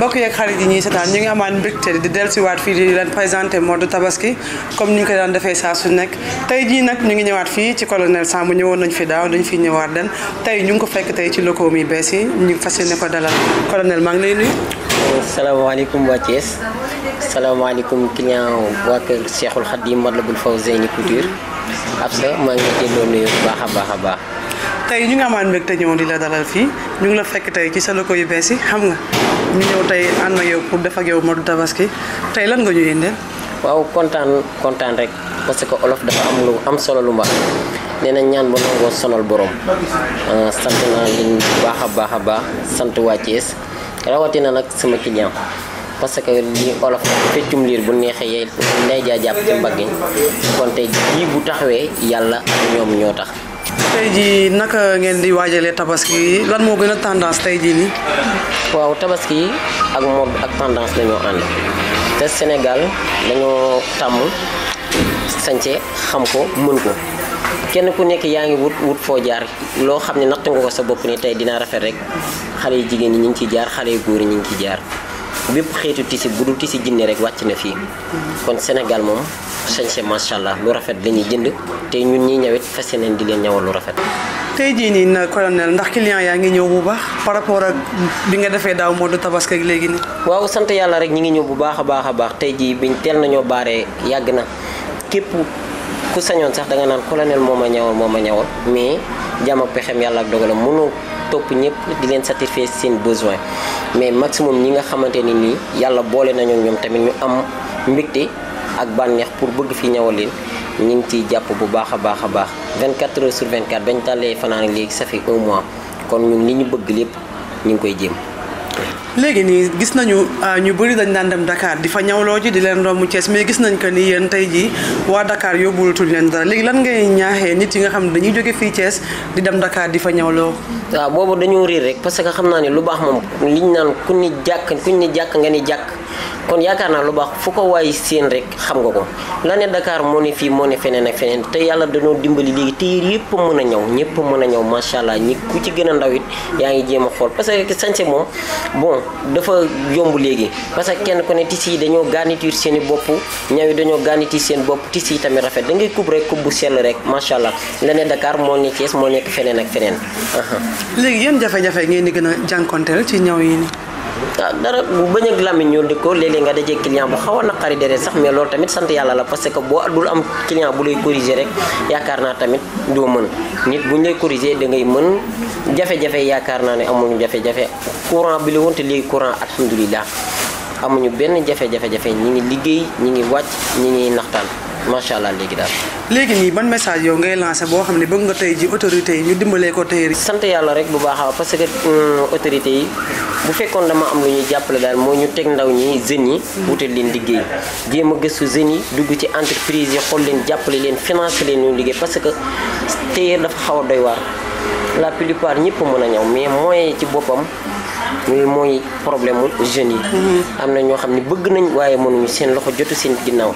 mbokk yeeg xarit yi ñi sétan ñu ngi amaan mbikté di delsi dellusiwaat fi di leen présenté modou tabaski comme ñu ko daan defé sa su nek tay ji nak ñu ngi ñëwaat fi ci colonel Samb ñëwoon nañ fi daaw dañ fi ñëwaat den tay ñu ngi ko fekk tay ci locaux mi bees ñu fas yéene ko dalal colonel ma ngi lay nuyu. wa waa assalamu alaykum client wa kër Cheikhul Khadim madlabul fawzaini Couture Absa ma ngi delloo nuyu bu baaxa a baax. tay ñu nga amaan tay ñoo di la dalal fi ñu ngi la fekk tay ci sa loko yu bees yi xam nga ñu ñew tay ànd ak yow pour def ak yow modou tabaski tay lan nga ñu yende waaw contane contane rek parce que olof dafa am lu am solo lu mbaax neena ñaan bo nango sonal borom ah, sant naa liñ baax baaxa baax a baax sant waa Thiès rawatina nag sama ñam parce que li olof feccum lire bu neexee yey ndey ja japp ci mbagge kon tay ji bu taxawee yalla ñom ñoo tax tey naka ngeen di wajale tabaski lan mo gëna tendance tey jii nii. waaw tabaski ak mo ak tendance dañu and te Sénégal dañu tam sance xam ko mën ko kenn ku nekk yaa ngi wut wut foo jaar loo xam ne natt nga ko sa bopp ni tey dina rafet rek xale yu jigéen ñi ngi ci jaar xale yu góor ñi ngi ci jaar bëpp xéetu tisi bu dul tisi jinne rek wàcc na fii kon Sénégal moom sañse macha allah lu rafet la ñuy jënd te ñun ñi ñëwit fas nañ di leen ñawal lu rafet tey jii nii na colonel ndax client yaa ngi ñëw bu baax par rapport ak bi nga defee daaw moo du tabaski ak léegi nii waaw sant yàlla rek ñi ngi ñëw bu baax a baax a baax tey jii biñ teel nañoo baaree yàgg na képp ku sañoon sax da nga naan colonel moo ma ñawal moo ma ñawal mais jàmm pexem yàlla ak dogalam mënoo topp ñëpp di leen satisfaire seen besoin mais maximum ñi nga xamante ni nii yàlla boole nañu ñoom tamit ñu am mbégte ak bànneex pour bëgg fi ñëwal leen ñu ngi ciy jàpp bu baax a baax a baax 24 heures sur 24 bañ tàllee fanaan léegi ça fait un mois kon ñun li ñu bëgg lépp ñu ngi koy jéem. léegi nii gis nañu ah, ñu bari dañ daan dem dakaar di fa ñawloo ji di leen romb cees mais gis nañ que ni yéen tey jii waa Dakar yóbbulatul leen dara léegi lan ngay ñaaxee nit yi nga xam ne dañuy jóge fii Thiès di dem dakaar di fa ñawloo waaw boobu dañoo réer rek parce que xam naa ne lu baax moom liñ naan ku ni jàkk ku ni jàkk nga ni jàkk kon yaakaar naa lu baax fu ko waay seen rek xam nga ko la ne Dakar moo ne fii moo ne feneen ak feneen te yàlla dañoo dimbali léegi téer yëpp mën a ñëw ñëpp mën a ñëw macha allah ñi ku ci gën a ndaw it yaa ngi a xool parce que sañse moom bon dafa yomb léegi parce que kenn ku ne tissu yi dañoo garniture seen i bopp ñaw yi dañoo garniture seen bopp tissu yi tamit rafet da ngay kub rek kub bu sell rek macha allah la ne moo ne Thiès moo nekk feneen ak feneen. léegi yéen jafe-jafe ngeen di gën a jànkonteel ci ñaw yi nii. waaw dara bañ ak làmmiñ ñuul di ko léeg-léeg nga dajee client bu xaw a naqari dere sax mais loolu tamit sant yàlla la parce que boo dul am client bu lay corriger rek yaakaar naa tamit doo mën nit bu ñu lay corriger da ngay mën jafe-jafe yaakaar naa ne amuñu jafe-jafe courant bi la woon te léegi courant alhamdulilah amuñu benn jafe-jafe-jafe ñi ngi liggéey ñi ngi wàcc ñi ngi naxtaan macha allah léegi daal léegi nii ban message yow ngay lancé boo xam ne bëgg nga tey ji autorité yi ñu dimbalee ko tey sant yàlla rek bu baax parce que mm, autorité yi bu fekkoon dama am lu ñuy jàppale daal moo ñu teg ndaw ñi jeunes yi wutal leen liggéey jéem a gëstu jeunes yi dugg ci entreprise yi xool leen jàppale leen financé leen ñu liggéey parce que téye dafa xaw a doy waar la plupart ñëpp mën a ñëw mais moyen ci boppam ñuy mooy problème mu jeunes yi mm-hmm. am na ñoo xam ne bëgg nañ waaye mënuñu seen loxo jotu seen ginnaaw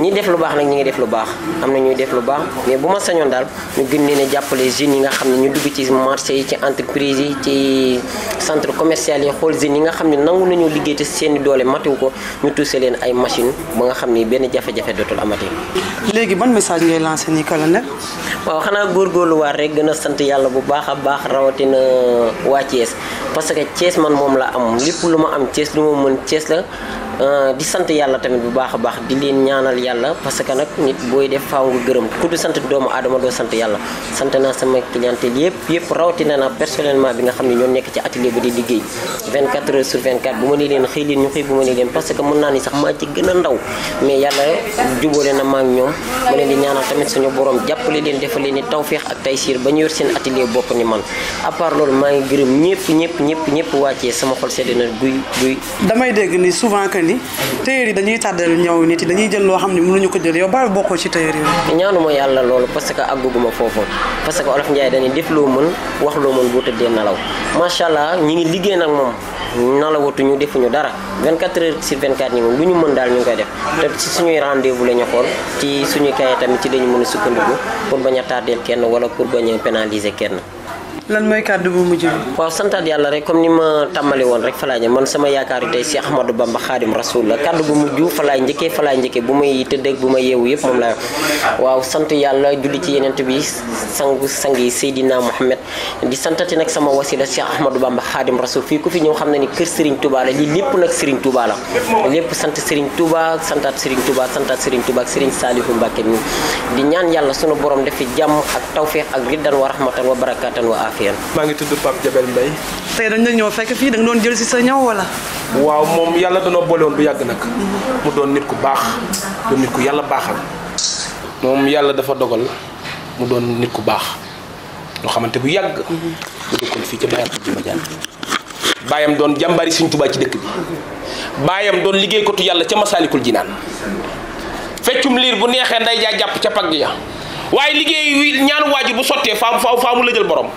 ñi def lu baax nag ñi ngi def lu baax am na ñuy def lu mais bu ma sañoon daal ñu gën leen a jàppale jeunes yi nga xam ne ñu dugg ci marché yi ci entreprise yi ci centre commercial yi xool jeunes yi nga xam ne nangu nañu liggéey te seeni doole matiwu ko ñu tuuse leen ay machine ba nga xam ni benn jafe-jafe dootul amati. léegi ban message ngay lancé nii colonel. waaw xanaa góorgóorluwaat rek gën a sant yàlla bu baax a baax rawatina waa cees parce que cees man moom la am lépp lu ma am Thiès lu ma mën Thiès la. Eh, di sant yalla tamit bu baakha baax di leen ñaanal yalla parce que nak nit boy def faaw nga gëreum ku du sant doomu adama do sant yalla sant na sama clientèle yépp yépp rawti na na personnellement bi nga xamni ñoo nekk ci atelier bi di liggéey 24 heures sur 24 bu ma ni leen xëy ñu xey bu ma ni leen parce que mën na ni sax ma ci gëna ndaw mais yalla jubóole na ma ak ñoom ma leen di ñaanal tamit suñu borom jappale leen defal leen ni tawféex ak taysir ba ñu yor seen atelier bop ni man à part lool ma ngi gëreum ñëpp ñëpp ñëpp ñëpp wacce sama xol sedd guuy guuy damay dégg ni souvent que ni tailleur yi dañuy tàddal ñaw nit yi dañuy jël loo xam ne mënuñu ko jël yow baal bokkoo ci tailleur yow. ñaanu ma yàlla loolu parce que àgguguma foofu parce que olof njaay dañuy def loo mën wax loo mën boo tëddee nalaw macha allah ñi ngi liggéey nag moom nalawatuñu defuñu dara 24 heures sur 24 ñi moom lu ñu mën daal ñu ngi koy def te ci suñuy rendez-vous la ñu xool ci suñuy kaye tamit ci lañu mën a sukkandiku pour bañ a tardeel kenn wala pour bañ a pénaliser kenn lan moy kaddu bu mujj bi waaw santaat yàlla rek comme ni ma tàmbali won rek fa man sama yaakaari tay si Ahmadou Bamba khadim Rasul la kàddu bu mujj fa laay njëkkee fa laay njëkkee bu may tëddëg bu may yew yep mom la wa santa yalla julli ci yenent bi sangu sangi sayidina muhammad di santati nak sama wasila si Ahmadou Bamba khadim Rasul fi ku fi ñu xamna ni keur Serigne Touba la li lepp nak Serigne Touba la lepp sante Serigne Touba santaat Serigne Touba santaat Serigne Touba Serigne Saliou mbake ni di ñaan yalla suñu borom def ci jamm ak tawfiq ak riddan wa rahmatan wa barakatan wa afia maa ngi tudd Pape Jabel Mbaye tey dañ la ñoo fekk fii da nga doon jël sa ñaw wala waaw moom yàlla danoo boole woon bu yàgg nag mu doon nit ku baax doon nit ku yàlla baaxal moom yàlla dafa dogal mu doon nit ku baax loo xamante bu yàgg bu bayam don ma jaan bayam doon jàmbari ci bi bayam doon liggéeykatu yàlla ca masalikul jinan feccum lire bu neexee nday ja japp ci pag ya waye liggéey ñaanu waajur bu sottee faamu faamu faamu la jël borom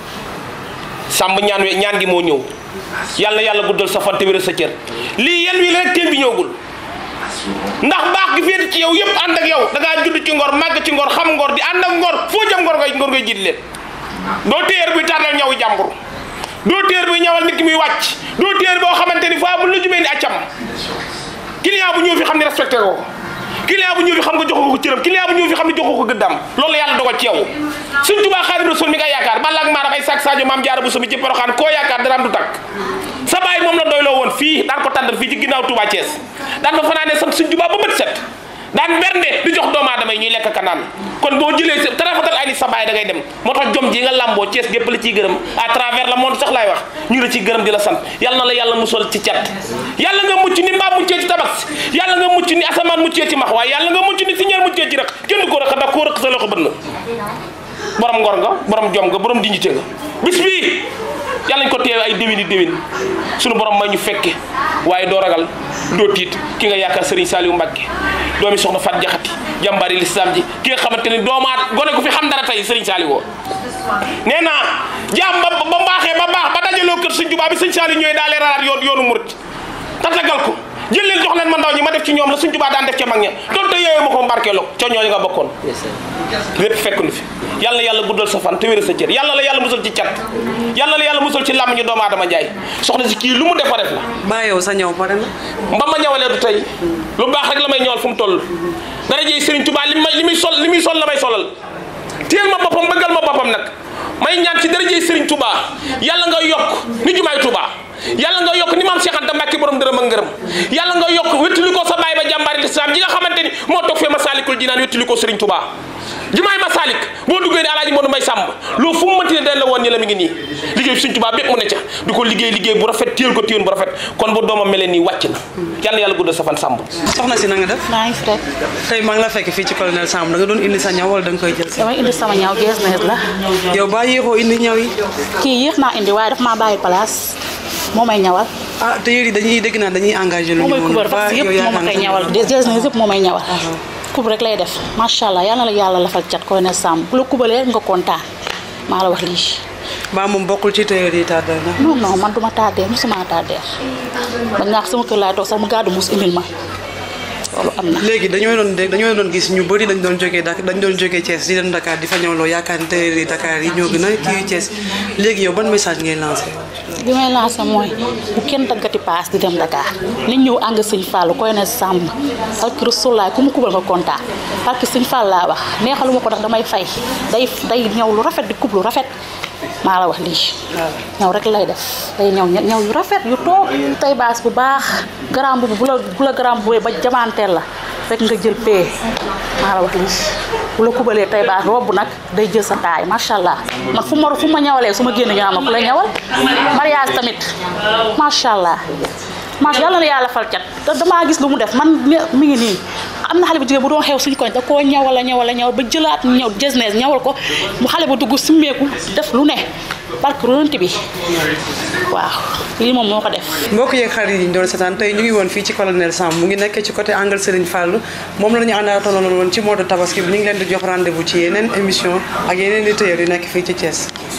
sàmb ñaan we ñaan gi moo ñëw yàlla na yàlla guddal sa fan te wéral sa cër lii yen wi la rek teen bi ñëwgul ndax baax gi féete ci yow yëpp ànd ak yow da ngaa judd ci ngor màgg ci ngor xam ngor di ànd ak ngor foo jëm ngor ngay ngor ngay jiit leen doo téer bi tànnal ñaw jàmbur doo téer bi ñawal nit ki muy wàcc doo téer boo xamante ni faa bu lu jumee ni accam client bu ñëw fi xam ne respecté client bu ñëw fi xam nga joxu ko cëram client bu ñëw fi xam ne joxu ko gëddam loolu la yàlla dogal ci yow suñ tubaa xaadim rasul mi nga yaakaar balla ak maaram ay sak sadio maam jaara bu sumi ci poroxaan koo yaakaar daraam du takk sa baay moom la doyloo woon fii daan ko tàndal fii ci ginnaaw Touba Thiès daan fa fanaanee sant suñ tubaa ba bët set dan berde di jox doom adamay ñuy lek ka kon bo jëlee sa tarafatal ay sa bay da ngay dem motax jom ji nga lamboo cees gep li ci gërem à travers le monde sax lay wax ñu la ci gërem di la sant yalla na la yalla musal ci ciat yalla nga mucc ni mbaam mucc ci tabax yalla nga mucc ni asaman mucc ci mahwa yalla nga mucc ni siñeer mucc ci rek jënd ko rek da ko rek sa loxo bënn borom ngor nga borom jom nga borom dignité nga bis bii ñu ko téw ay déwéni déwén suñu borom may ñu fekke waye do ragal do tit ki nga yaakaar serigne Saliou Mbacke doomi soxna Fat Jaxati jàmbaari lislaam ji ki nga xamante ni doomaat gone gu fi xam dara tey sëriñ Saali woo nee naa jaam ba ba mbaaxee ba baax ba dajaloo kër sëñ Tuubaa bi sëñ Saali ñooy daale raaraat yoon yoonu murit tatagal ko jël leen jox leen ma ndaw ñi ma def ci ñoom la suñ tubaa daan def ca mag ña doonte yooyu ma ko mbarkeeloo ca ñooñu nga bokkoon lépp fekk lu fi yàlla yàlla guddal sa fan te wér sa cër yàlla la yàlla musal ci cat yàlla la yàlla musal ci làmmiñu doomu aadama njaay soxna si kii lu mu def def la ba yow sa ñëw pare na ma ñawalee du tey lu baax rek la may ñëwal fu mu toll dara jëy sëriñ tubaa li may li muy sol li muy sol la may solal teel ma boppam bëggal ma boppam nag may ñaan ci dara jëy sëriñ tubaa yàlla nga yokk ni jumaay tubaa yalla nga yok ni mam cheikh anta mbacke borom deureum ngeureum yalla nga yok wetuli ko sa bay ba jambar l'islam gi nga xamanteni mo tok fe masalikul jinan wetuli ko serigne touba jumaay masalik bo duggé ni alhaji modou may samb lo fu mu tiné den won ni la ni liggéey serigne touba bép mu ne ca diko liggéey liggéey bu rafet tiyel ko tiyon bu rafet kon bu doma melé ni wacc na yalla yalla guddal sa fan samb soxna si na nga def ma ngi tay ma nga la fekk fi ci colonel samb da nga doon indi sa ñaw wala da koy jël sama indi sama ñaw gees la yow ba yexo indi ñaw yi ki yex na indi way daf ma baye place moom ay ñawal. ah te yéen dañuy dégg naa dañuy engagé. lu ñu moom parce que yëpp moo ma koy ñawal yëpp moo may ñawal. kub uh-huh. rek lay def macha allah yal na la yàlla lafal cat koy ne sàmm bu la kubalee nga kontaan maa la wax lii. ba moom bokkul ci tailleur yi tardé na. non non man duma tardé musuma tardé. ba ñaax sama kër laay toog sax mu gàddu muus indil ma. loolu am na. léegi dañoo doon dañoo doon gis ñu bëri dañ doon jógee Dakar dañ doon jógee Thiès di dem Dakar di fa ñëwloo yaakaar ne téere yi Dakar yi ñoo gën a kii Thiès léegi yow ban message ngay lancé. bi may lancé mooy bu kenn daggati paas di dem Dakar nañ ñëw àng sëñ Fall koy ne sàmm barke Rasulaay ku mu kubal nga kontaan parce que sëñ Fall laa wax neexaluma ko ndax damay fay day day ñëw lu rafet di kub lu rafet. maa la wax lii ñaw rek lay def day ñaw ñaw yu rafet yu bu baax garam bu bu la bu la garam bu ba jamanteel la rek nga jël pee maa la wax lii bu la kubalee tey baas robb nag day jël sa taay macha allah man fu ma fu ma ñawalee su ma génn ma la ñawal mariage tamit macha allah ma yàlla na fal dama gis lu mu def man mi ngi am na xale bu jigéen bu doon xew suñ koñ da koo ñawal a ñawal a ñawal ba jëlaat ñaw jesnes ñawal ko mu xale ba dugg simmeeku def lu ne barke ti bi waaw lii moom moo ko def. mbokk yeeg xarit yi ñu doon seetaan tey ñu ngi woon fii ci colonel Samb mu ngi nekk ci côté angle Serigne Fallou moom la ñu àndaatoon woon ci mode tabaski bi ñu ngi leen di jox rendez-vous ci yeneen émission ak yeneen i téyeer yu nekk fii ci cees